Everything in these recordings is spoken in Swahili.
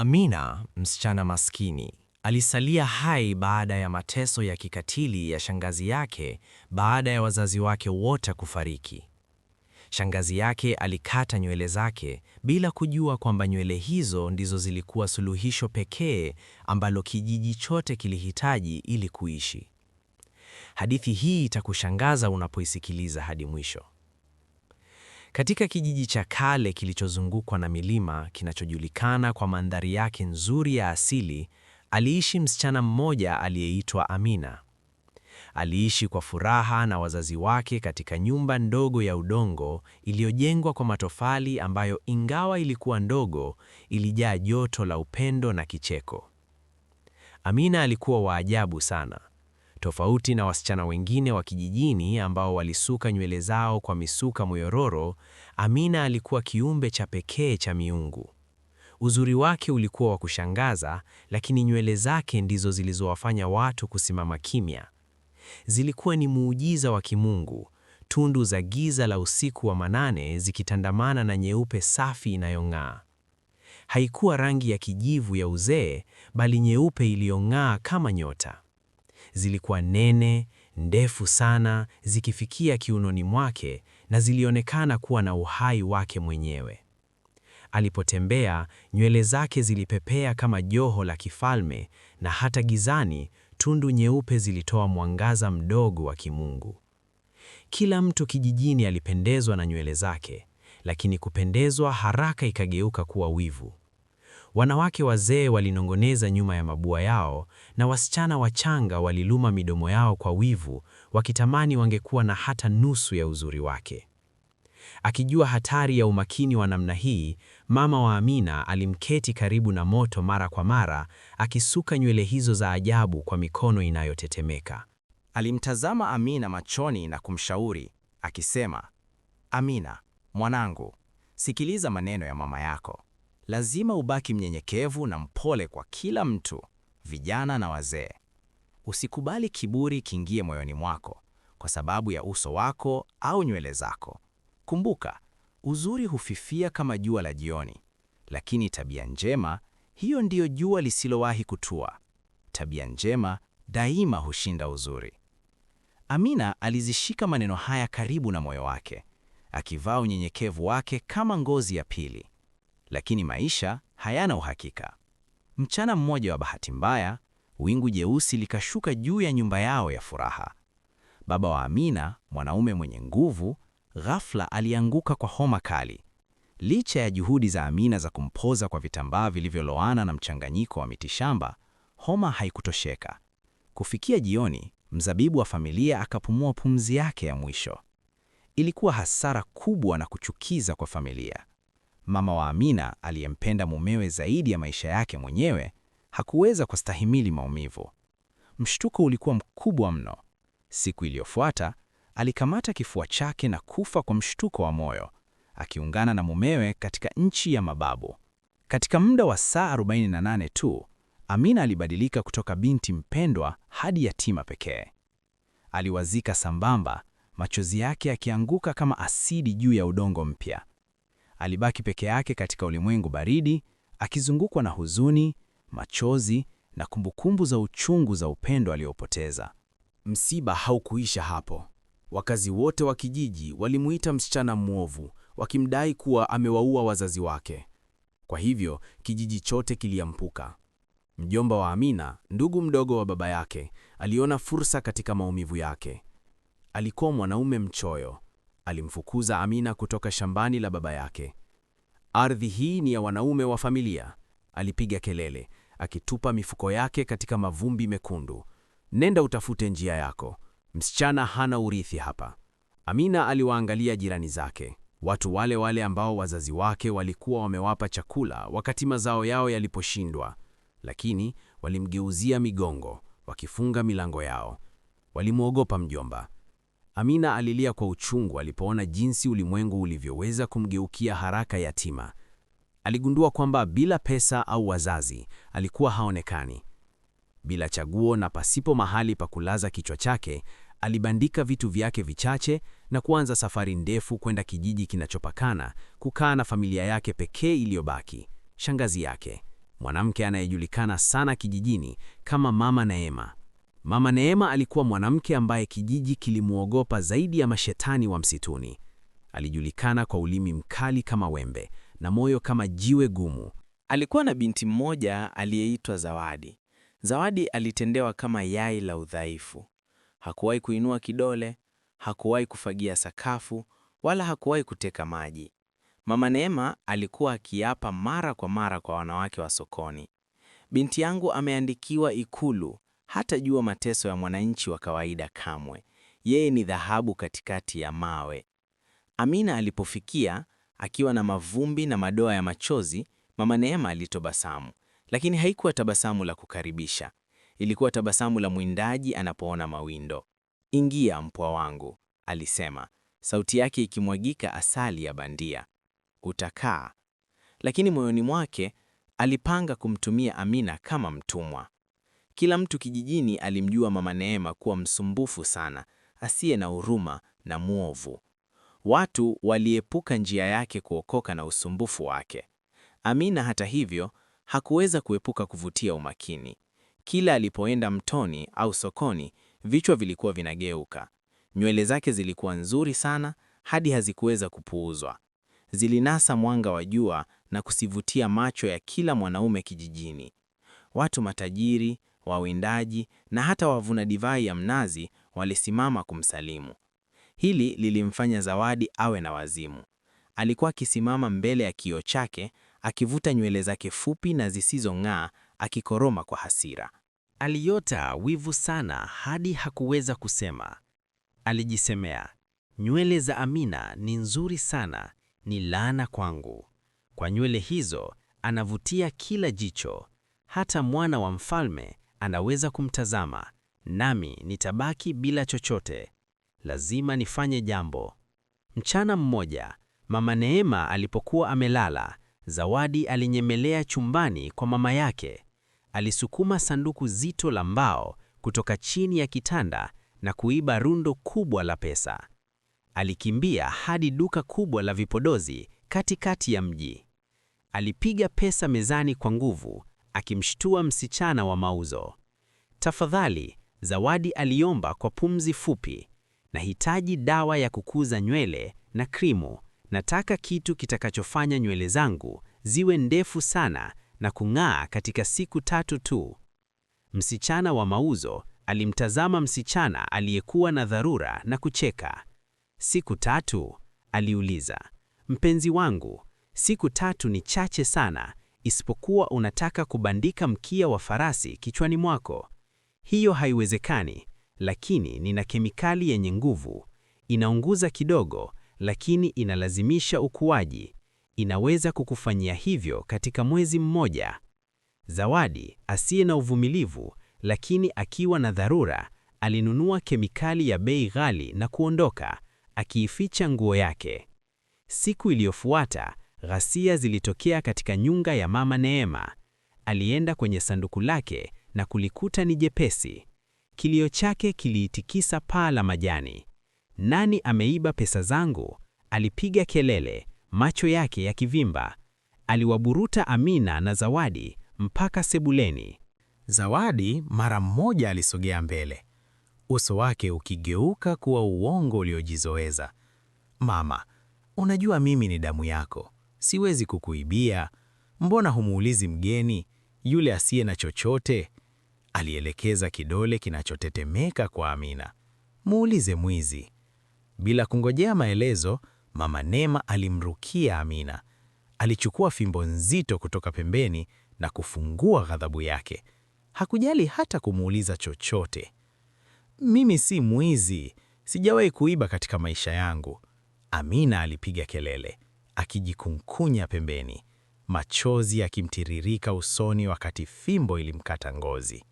Amina, msichana maskini, alisalia hai baada ya mateso ya kikatili ya shangazi yake baada ya wazazi wake wote kufariki. Shangazi yake alikata nywele zake bila kujua kwamba nywele hizo ndizo zilikuwa suluhisho pekee ambalo kijiji chote kilihitaji ili kuishi. Hadithi hii itakushangaza unapoisikiliza hadi mwisho. Katika kijiji cha kale kilichozungukwa na milima kinachojulikana kwa mandhari yake nzuri ya asili, aliishi msichana mmoja aliyeitwa Amina. Aliishi kwa furaha na wazazi wake katika nyumba ndogo ya udongo iliyojengwa kwa matofali ambayo ingawa ilikuwa ndogo, ilijaa joto la upendo na kicheko. Amina alikuwa wa ajabu sana. Tofauti na wasichana wengine wa kijijini ambao walisuka nywele zao kwa misuka myororo, Amina alikuwa kiumbe cha pekee cha miungu. Uzuri wake ulikuwa wa kushangaza, lakini nywele zake ndizo zilizowafanya watu kusimama kimya. Zilikuwa ni muujiza wa kimungu, tundu za giza la usiku wa manane zikitandamana na nyeupe safi inayong'aa. Haikuwa rangi ya kijivu ya uzee, bali nyeupe iliyong'aa kama nyota. Zilikuwa nene, ndefu sana, zikifikia kiunoni mwake na zilionekana kuwa na uhai wake mwenyewe. Alipotembea, nywele zake zilipepea kama joho la kifalme na hata gizani, tundu nyeupe zilitoa mwangaza mdogo wa kimungu. Kila mtu kijijini alipendezwa na nywele zake, lakini kupendezwa haraka ikageuka kuwa wivu. Wanawake wazee walinongoneza nyuma ya mabua yao na wasichana wachanga waliluma midomo yao kwa wivu, wakitamani wangekuwa na hata nusu ya uzuri wake. Akijua hatari ya umakini wa namna hii, mama wa Amina alimketi karibu na moto mara kwa mara, akisuka nywele hizo za ajabu kwa mikono inayotetemeka. Alimtazama Amina machoni na kumshauri akisema, Amina mwanangu, sikiliza maneno ya mama yako lazima ubaki mnyenyekevu na mpole kwa kila mtu, vijana na wazee. Usikubali kiburi kiingie moyoni mwako kwa sababu ya uso wako au nywele zako. Kumbuka, uzuri hufifia kama jua la jioni, lakini tabia njema, hiyo ndiyo jua lisilowahi kutua. Tabia njema daima hushinda uzuri. Amina alizishika maneno haya karibu na moyo wake, akivaa unyenyekevu wake kama ngozi ya pili lakini maisha hayana uhakika. Mchana mmoja wa bahati mbaya, wingu jeusi likashuka juu ya nyumba yao ya furaha. Baba wa Amina, mwanaume mwenye nguvu, ghafla alianguka kwa homa kali. Licha ya juhudi za Amina za kumpoza kwa vitambaa vilivyoloana na mchanganyiko wa mitishamba, homa haikutosheka. Kufikia jioni, mzabibu wa familia akapumua pumzi yake ya mwisho. Ilikuwa hasara kubwa na kuchukiza kwa familia. Mama wa Amina aliyempenda mumewe zaidi ya maisha yake mwenyewe hakuweza kustahimili maumivu. Mshtuko ulikuwa mkubwa mno. Siku iliyofuata alikamata kifua chake na kufa kwa mshtuko wa moyo akiungana na mumewe katika nchi ya mababu. Katika muda wa saa 48 tu, Amina alibadilika kutoka binti mpendwa hadi yatima pekee. Aliwazika sambamba, machozi yake yakianguka kama asidi juu ya udongo mpya. Alibaki peke yake katika ulimwengu baridi, akizungukwa na huzuni, machozi na kumbukumbu za uchungu za upendo aliopoteza. Msiba haukuisha hapo. Wakazi wote wa kijiji walimuita msichana mwovu, wakimdai kuwa amewaua wazazi wake. Kwa hivyo kijiji chote kiliampuka. Mjomba wa Amina, ndugu mdogo wa baba yake, aliona fursa katika maumivu yake. Alikuwa mwanaume mchoyo alimfukuza Amina kutoka shambani la baba yake. Ardhi hii ni ya wanaume wa familia, alipiga kelele, akitupa mifuko yake katika mavumbi mekundu. Nenda utafute njia yako, msichana hana urithi hapa. Amina aliwaangalia jirani zake, watu wale wale ambao wazazi wake walikuwa wamewapa chakula wakati mazao yao yaliposhindwa, lakini walimgeuzia migongo, wakifunga milango yao. Walimwogopa mjomba. Amina alilia kwa uchungu alipoona jinsi ulimwengu ulivyoweza kumgeukia haraka yatima. Aligundua kwamba bila pesa au wazazi alikuwa haonekani. Bila chaguo na pasipo mahali pa kulaza kichwa chake, alibandika vitu vyake vichache na kuanza safari ndefu kwenda kijiji kinachopakana, kukaa na familia yake pekee iliyobaki, shangazi yake, mwanamke anayejulikana sana kijijini kama Mama Neema. Mama Neema alikuwa mwanamke ambaye kijiji kilimwogopa zaidi ya mashetani wa msituni. Alijulikana kwa ulimi mkali kama wembe na moyo kama jiwe gumu. Alikuwa na binti mmoja aliyeitwa Zawadi. Zawadi alitendewa kama yai la udhaifu. Hakuwahi kuinua kidole, hakuwahi kufagia sakafu, wala hakuwahi kuteka maji. Mama Neema alikuwa akiapa mara kwa mara kwa wanawake wa sokoni, binti yangu ameandikiwa Ikulu, hatajua mateso ya mwananchi wa kawaida kamwe. Yeye ni dhahabu katikati ya mawe. Amina alipofikia akiwa na mavumbi na madoa ya machozi, Mama Neema alitabasamu, lakini haikuwa tabasamu la kukaribisha. Ilikuwa tabasamu la mwindaji anapoona mawindo. Ingia mpwa wangu, alisema, sauti yake ikimwagika asali ya bandia. Utakaa. Lakini moyoni mwake alipanga kumtumia Amina kama mtumwa. Kila mtu kijijini alimjua Mama Neema kuwa msumbufu sana, asiye na huruma na mwovu. Watu waliepuka njia yake kuokoka na usumbufu wake. Amina, hata hivyo, hakuweza kuepuka kuvutia umakini. Kila alipoenda mtoni au sokoni, vichwa vilikuwa vinageuka. Nywele zake zilikuwa nzuri sana hadi hazikuweza kupuuzwa. Zilinasa mwanga wa jua na kusivutia macho ya kila mwanaume kijijini. Watu matajiri, wawindaji na hata wavuna divai ya mnazi walisimama kumsalimu. Hili lilimfanya Zawadi awe na wazimu. Alikuwa akisimama mbele ya kioo chake akivuta nywele zake fupi na zisizong'aa, akikoroma kwa hasira. Aliota wivu sana hadi hakuweza kusema. Alijisemea, nywele za Amina ni nzuri sana, ni laana kwangu. Kwa nywele hizo anavutia kila jicho, hata mwana wa mfalme anaweza kumtazama, nami nitabaki bila chochote. Lazima nifanye jambo. Mchana mmoja, Mama Neema alipokuwa amelala, Zawadi alinyemelea chumbani kwa mama yake. Alisukuma sanduku zito la mbao kutoka chini ya kitanda na kuiba rundo kubwa la pesa. Alikimbia hadi duka kubwa la vipodozi katikati ya mji. Alipiga pesa mezani kwa nguvu akimshtua msichana wa mauzo. Tafadhali, Zawadi aliomba kwa pumzi fupi, nahitaji dawa ya kukuza nywele na krimu. Nataka kitu kitakachofanya nywele zangu ziwe ndefu sana na kung'aa katika siku tatu tu. Msichana wa mauzo alimtazama msichana aliyekuwa na dharura na kucheka. Siku tatu? Aliuliza. Mpenzi wangu, siku tatu ni chache sana isipokuwa unataka kubandika mkia wa farasi kichwani mwako. Hiyo haiwezekani, lakini nina kemikali yenye nguvu. Inaunguza kidogo, lakini inalazimisha ukuaji. Inaweza kukufanyia hivyo katika mwezi mmoja. Zawadi, asiye na uvumilivu, lakini akiwa na dharura, alinunua kemikali ya bei ghali na kuondoka, akiificha nguo yake. Siku iliyofuata Ghasia zilitokea katika nyunga ya Mama Neema. Alienda kwenye sanduku lake na kulikuta ni jepesi. Kilio chake kiliitikisa paa la majani. Nani ameiba pesa zangu? Alipiga kelele, macho yake yakivimba. Aliwaburuta Amina na Zawadi mpaka sebuleni. Zawadi mara mmoja alisogea mbele, uso wake ukigeuka kuwa uongo uliojizoeza. Mama, unajua mimi ni damu yako siwezi kukuibia, mbona humuulizi mgeni yule asiye na chochote? Alielekeza kidole kinachotetemeka kwa Amina. Muulize mwizi. Bila kungojea maelezo, Mama Neema alimrukia Amina. Alichukua fimbo nzito kutoka pembeni na kufungua ghadhabu yake. Hakujali hata kumuuliza chochote. Mimi si mwizi, sijawahi kuiba katika maisha yangu, Amina alipiga kelele akijikunkunya pembeni, machozi yakimtiririka usoni wakati fimbo ilimkata ngozi.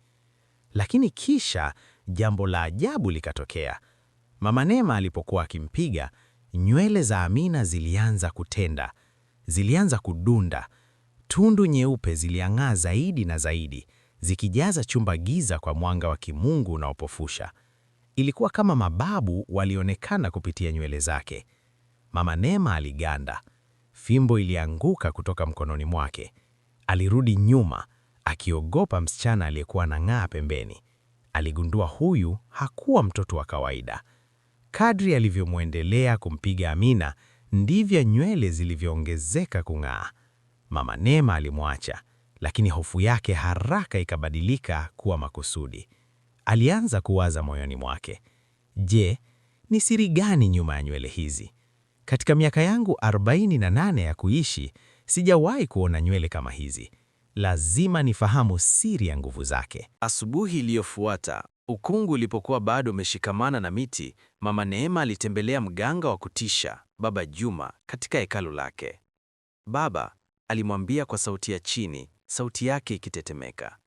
Lakini kisha jambo la ajabu likatokea. Mama Neema alipokuwa akimpiga, nywele za Amina zilianza kutenda, zilianza kudunda. Tundu nyeupe ziliang'aa zaidi na zaidi, zikijaza chumba giza kwa mwanga wa kimungu unaopofusha. Ilikuwa kama mababu walionekana kupitia nywele zake. Mama Neema aliganda. Fimbo ilianguka kutoka mkononi mwake. Alirudi nyuma akiogopa msichana aliyekuwa anang'aa pembeni. Aligundua huyu hakuwa mtoto wa kawaida. Kadri alivyomwendelea kumpiga Amina, ndivyo nywele zilivyoongezeka kung'aa. Mama Neema alimwacha, lakini hofu yake haraka ikabadilika kuwa makusudi. Alianza kuwaza moyoni mwake, je, ni siri gani nyuma ya nywele hizi? Katika miaka yangu 48 ya kuishi, sijawahi kuona nywele kama hizi. Lazima nifahamu siri ya nguvu zake. Asubuhi iliyofuata, ukungu ulipokuwa bado umeshikamana na miti, Mama Neema alitembelea mganga wa kutisha, Baba Juma, katika hekalu lake. Baba alimwambia kwa sauti ya chini, sauti yake ikitetemeka.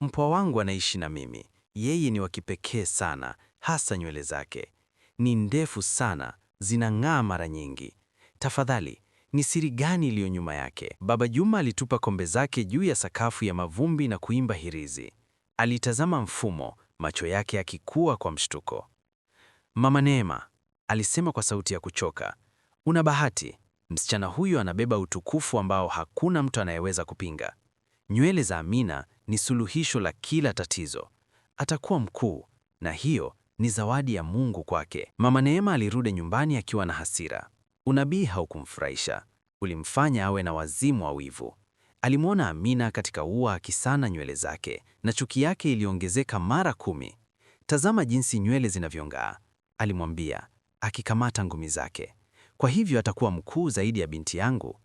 Mpwa wangu anaishi na mimi. Yeye ni wa kipekee sana, hasa nywele zake. Ni ndefu sana zinang'aa mara nyingi. Tafadhali, ni siri gani iliyo nyuma yake? Baba Juma alitupa kombe zake juu ya sakafu ya mavumbi na kuimba hirizi. Alitazama mfumo, macho yake yakikua kwa mshtuko. Mama Neema, alisema kwa sauti ya kuchoka, una bahati. Msichana huyu anabeba utukufu ambao hakuna mtu anayeweza kupinga. Nywele za Amina ni suluhisho la kila tatizo. Atakuwa mkuu, na hiyo ni zawadi ya Mungu kwake. Mama Neema alirudi nyumbani akiwa na hasira. Unabii haukumfurahisha, ulimfanya awe na wazimu wa wivu. Alimwona Amina katika ua akisana nywele zake, na chuki yake iliongezeka mara kumi. Tazama jinsi nywele zinavyong'aa, alimwambia akikamata ngumi zake. Kwa hivyo atakuwa mkuu zaidi ya binti yangu.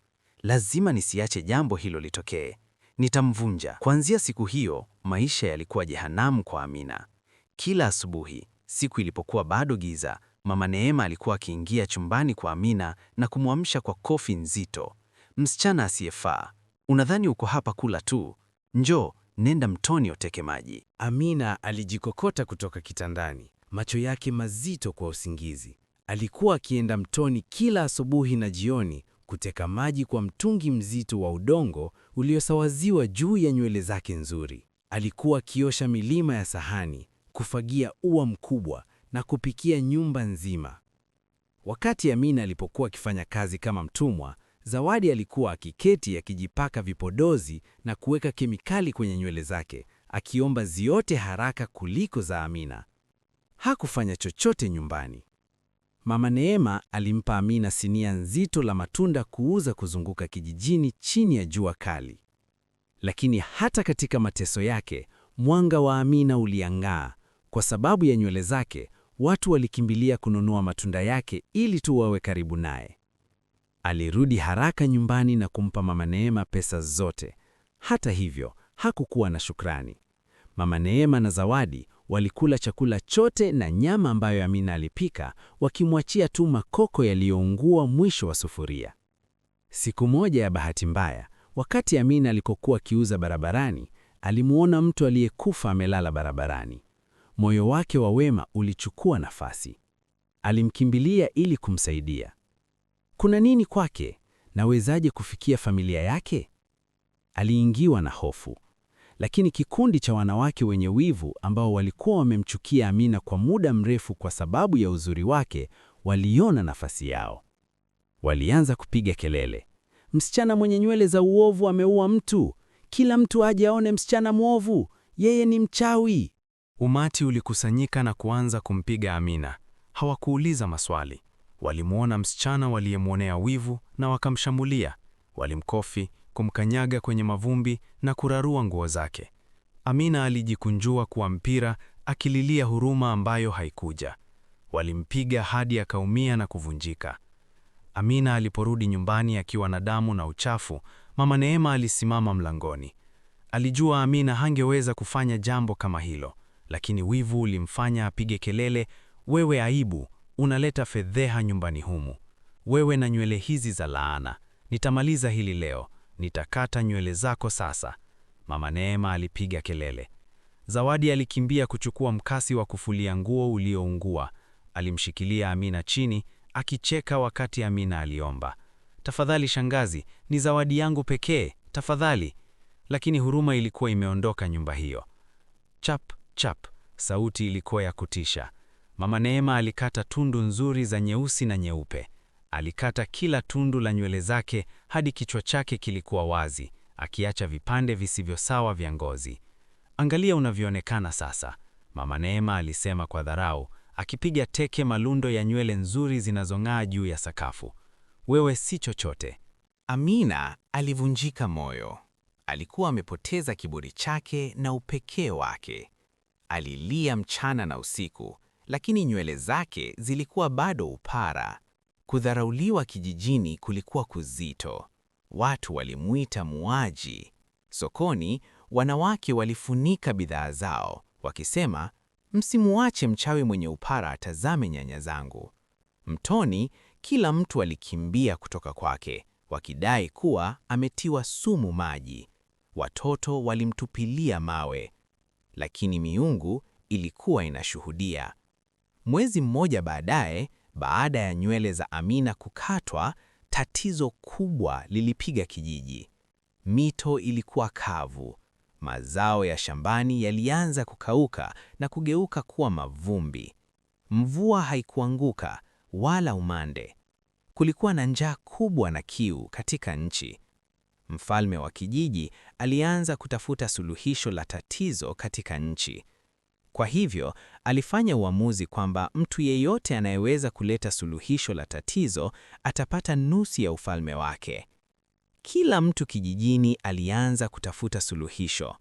Lazima nisiache jambo hilo litokee, nitamvunja. Kuanzia siku hiyo, maisha yalikuwa jehanamu kwa Amina. Kila asubuhi Siku ilipokuwa bado giza, Mama Neema alikuwa akiingia chumbani kwa Amina na kumwamsha kwa kofi nzito. Msichana asiyefaa, unadhani uko hapa kula tu? Njoo, nenda mtoni oteke maji. Amina alijikokota kutoka kitandani, macho yake mazito kwa usingizi. Alikuwa akienda mtoni kila asubuhi na jioni kuteka maji kwa mtungi mzito wa udongo uliosawaziwa juu ya nywele zake nzuri. Alikuwa akiosha milima ya sahani, kufagia ua mkubwa na kupikia nyumba nzima. Wakati Amina alipokuwa akifanya kazi kama mtumwa, Zawadi alikuwa akiketi akijipaka vipodozi na kuweka kemikali kwenye nywele zake, akiomba ziote haraka kuliko za Amina. Hakufanya chochote nyumbani. Mama Neema alimpa Amina sinia nzito la matunda kuuza kuzunguka kijijini chini ya jua kali. Lakini hata katika mateso yake, mwanga wa Amina uliang'aa kwa sababu ya nywele zake, watu walikimbilia kununua matunda yake ili tu wawe karibu naye. Alirudi haraka nyumbani na kumpa Mama Neema pesa zote. Hata hivyo, hakukuwa na shukrani. Mama Neema na Zawadi walikula chakula chote na nyama ambayo Amina alipika, wakimwachia tu makoko yaliyoungua mwisho wa sufuria. Siku moja ya bahati mbaya, wakati Amina alikokuwa akiuza barabarani, alimuona mtu aliyekufa amelala barabarani moyo wake wa wema ulichukua nafasi. Alimkimbilia ili kumsaidia. Kuna nini kwake? Nawezaje kufikia familia yake? Aliingiwa na hofu, lakini kikundi cha wanawake wenye wivu ambao walikuwa wamemchukia Amina kwa muda mrefu kwa sababu ya uzuri wake waliona nafasi yao. Walianza kupiga kelele, msichana mwenye nywele za uovu ameua mtu! Kila mtu aje aone msichana mwovu, yeye ni mchawi! Umati ulikusanyika na kuanza kumpiga Amina. Hawakuuliza maswali, walimwona msichana waliyemwonea wivu na wakamshambulia. Walimkofi, kumkanyaga kwenye mavumbi na kurarua nguo zake. Amina alijikunjua kwa mpira akililia huruma ambayo haikuja. Walimpiga hadi akaumia na kuvunjika. Amina aliporudi nyumbani akiwa na damu na uchafu, Mama Neema alisimama mlangoni. Alijua Amina hangeweza kufanya jambo kama hilo lakini wivu ulimfanya apige kelele, wewe aibu, unaleta fedheha nyumbani humu, wewe na nywele hizi za laana, nitamaliza hili leo, nitakata nywele zako sasa. Mama Neema alipiga kelele. Zawadi alikimbia kuchukua mkasi wa kufulia nguo ulioungua. Alimshikilia Amina chini akicheka, wakati Amina aliomba, tafadhali shangazi, ni zawadi yangu pekee, tafadhali. Lakini huruma ilikuwa imeondoka nyumba hiyo. Chap, Chap! Sauti ilikuwa ya kutisha. Mama Neema alikata tundu nzuri za nyeusi na nyeupe. Alikata kila tundu la nywele zake hadi kichwa chake kilikuwa wazi, akiacha vipande visivyo sawa vya ngozi. Angalia unavyoonekana sasa, Mama Neema alisema kwa dharau, akipiga teke malundo ya nywele nzuri zinazong'aa juu ya sakafu. Wewe si chochote. Amina alivunjika moyo. Alikuwa amepoteza kiburi chake na upekee wake. Alilia mchana na usiku, lakini nywele zake zilikuwa bado upara. Kudharauliwa kijijini kulikuwa kuzito. Watu walimuita muaji Sokoni, wanawake walifunika bidhaa zao wakisema, msimuache mchawi mwenye upara atazame nyanya zangu. Mtoni, kila mtu alikimbia kutoka kwake wakidai kuwa ametiwa sumu maji. Watoto walimtupilia mawe, lakini miungu ilikuwa inashuhudia. Mwezi mmoja baadaye, baada ya nywele za Amina kukatwa, tatizo kubwa lilipiga kijiji. Mito ilikuwa kavu, mazao ya shambani yalianza kukauka na kugeuka kuwa mavumbi. Mvua haikuanguka wala umande. Kulikuwa na njaa kubwa na kiu katika nchi. Mfalme wa kijiji alianza kutafuta suluhisho la tatizo katika nchi. Kwa hivyo, alifanya uamuzi kwamba mtu yeyote anayeweza kuleta suluhisho la tatizo atapata nusu ya ufalme wake. Kila mtu kijijini alianza kutafuta suluhisho.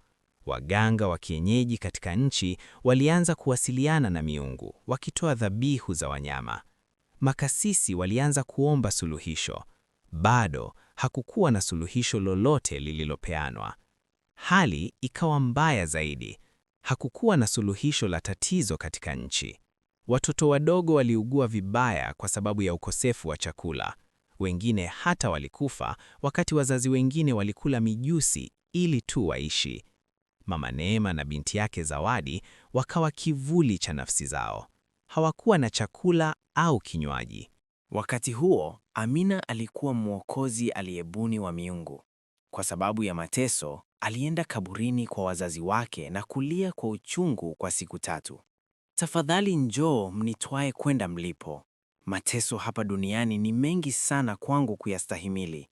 Waganga wa kienyeji katika nchi walianza kuwasiliana na miungu, wakitoa dhabihu za wanyama. Makasisi walianza kuomba suluhisho. Bado hakukuwa na suluhisho lolote lililopeanwa. Hali ikawa mbaya zaidi. Hakukuwa na suluhisho la tatizo katika nchi. Watoto wadogo waliugua vibaya kwa sababu ya ukosefu wa chakula. Wengine hata walikufa wakati wazazi wengine walikula mijusi ili tu waishi. Mama Neema na binti yake Zawadi wakawa kivuli cha nafsi zao. Hawakuwa na chakula au kinywaji. Wakati huo Amina alikuwa mwokozi aliyebuni wa miungu. Kwa sababu ya mateso, alienda kaburini kwa wazazi wake na kulia kwa uchungu kwa siku tatu. Tafadhali njoo mnitwae kwenda mlipo. Mateso hapa duniani ni mengi sana kwangu kuyastahimili.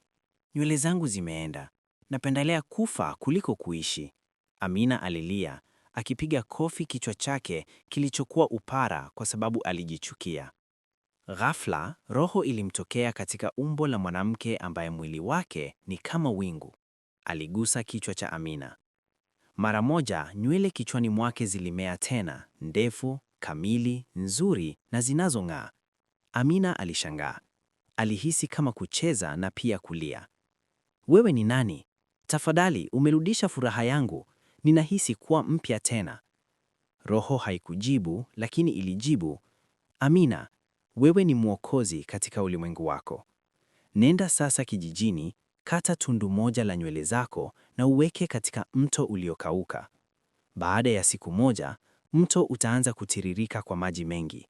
Nywele zangu zimeenda. Napendelea kufa kuliko kuishi. Amina alilia, akipiga kofi kichwa chake kilichokuwa upara kwa sababu alijichukia. Ghafla, roho ilimtokea katika umbo la mwanamke ambaye mwili wake ni kama wingu. Aligusa kichwa cha Amina. Mara moja nywele kichwani mwake zilimea tena, ndefu, kamili, nzuri na zinazong'aa. Amina alishangaa. Alihisi kama kucheza na pia kulia. Wewe ni nani? Tafadhali umerudisha furaha yangu. Ninahisi kuwa mpya tena. Roho haikujibu, lakini ilijibu, Amina, wewe ni mwokozi katika ulimwengu wako. Nenda sasa kijijini, kata tundu moja la nywele zako na uweke katika mto uliokauka. Baada ya siku moja, mto utaanza kutiririka kwa maji mengi.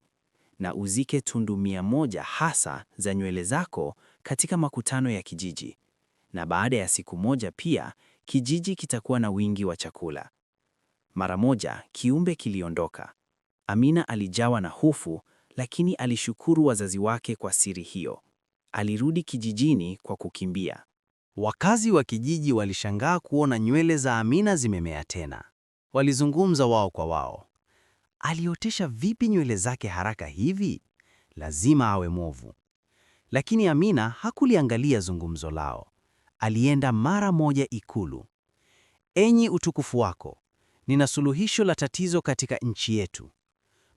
Na uzike tundu mia moja hasa za nywele zako katika makutano ya kijiji. Na baada ya siku moja pia, kijiji kitakuwa na wingi wa chakula. Mara moja kiumbe kiliondoka. Amina alijawa na hofu lakini alishukuru wazazi wake kwa siri hiyo. Alirudi kijijini kwa kukimbia. Wakazi wa kijiji walishangaa kuona nywele za Amina zimemea tena. Walizungumza wao kwa wao, aliotesha vipi nywele zake haraka hivi? Lazima awe mwovu. Lakini Amina hakuliangalia zungumzo lao, alienda mara moja Ikulu. Enyi utukufu wako, nina suluhisho la tatizo katika nchi yetu.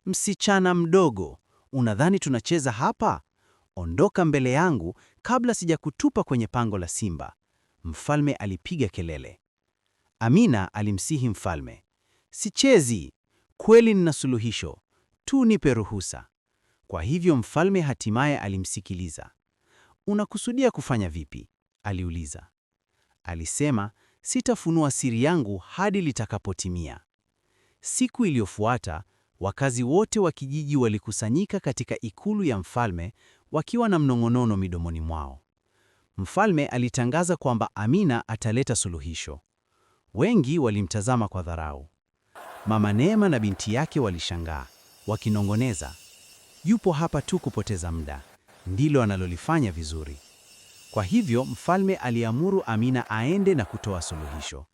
Msichana mdogo Unadhani tunacheza hapa? Ondoka mbele yangu kabla sijakutupa kwenye pango la simba, mfalme alipiga kelele. Amina alimsihi mfalme, sichezi kweli, nina suluhisho tu, nipe ruhusa. Kwa hivyo mfalme hatimaye alimsikiliza. Unakusudia kufanya vipi? aliuliza. Alisema, sitafunua siri yangu hadi litakapotimia. Siku iliyofuata Wakazi wote wa kijiji walikusanyika katika ikulu ya mfalme wakiwa na mnong'onono midomoni mwao. Mfalme alitangaza kwamba Amina ataleta suluhisho. Wengi walimtazama kwa dharau. Mama Neema na binti yake walishangaa, wakinong'oneza, yupo hapa tu kupoteza muda, ndilo analolifanya vizuri. Kwa hivyo mfalme aliamuru Amina aende na kutoa suluhisho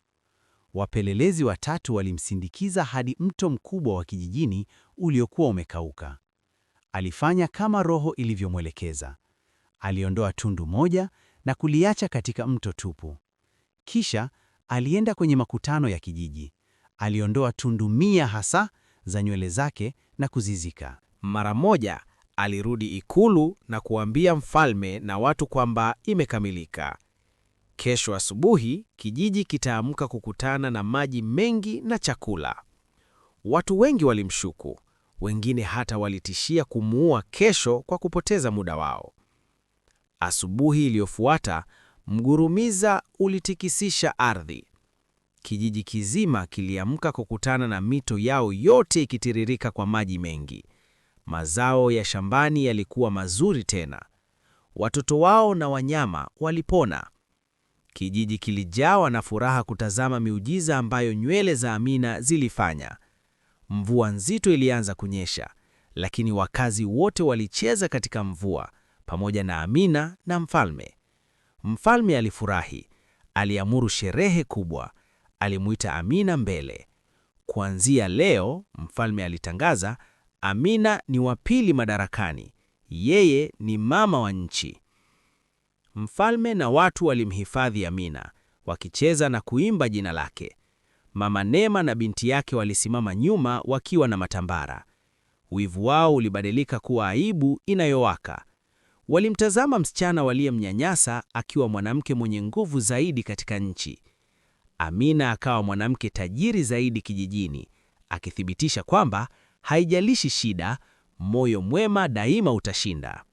wapelelezi watatu walimsindikiza hadi mto mkubwa wa kijijini uliokuwa umekauka. Alifanya kama roho ilivyomwelekeza. Aliondoa tundu moja na kuliacha katika mto tupu. Kisha alienda kwenye makutano ya kijiji. Aliondoa tundu mia hasa za nywele zake na kuzizika. Mara moja alirudi ikulu na kuambia mfalme na watu kwamba imekamilika. Kesho asubuhi kijiji kitaamka kukutana na maji mengi na chakula. Watu wengi walimshuku, wengine hata walitishia kumuua kesho kwa kupoteza muda wao. Asubuhi iliyofuata mgurumiza ulitikisisha ardhi. Kijiji kizima kiliamka kukutana na mito yao yote ikitiririka kwa maji mengi. Mazao ya shambani yalikuwa mazuri tena, watoto wao na wanyama walipona. Kijiji kilijawa na furaha kutazama miujiza ambayo nywele za Amina zilifanya. Mvua nzito ilianza kunyesha, lakini wakazi wote walicheza katika mvua pamoja na Amina na mfalme. Mfalme alifurahi, aliamuru sherehe kubwa, alimuita Amina mbele. Kuanzia leo, mfalme alitangaza, Amina ni wa pili madarakani, yeye ni mama wa nchi. Mfalme na watu walimhifadhi Amina, wakicheza na kuimba jina lake. Mama Nema na binti yake walisimama nyuma wakiwa na matambara. Wivu wao ulibadilika kuwa aibu inayowaka. Walimtazama msichana waliyemnyanyasa akiwa mwanamke mwenye nguvu zaidi katika nchi. Amina akawa mwanamke tajiri zaidi kijijini, akithibitisha kwamba haijalishi shida, moyo mwema daima utashinda.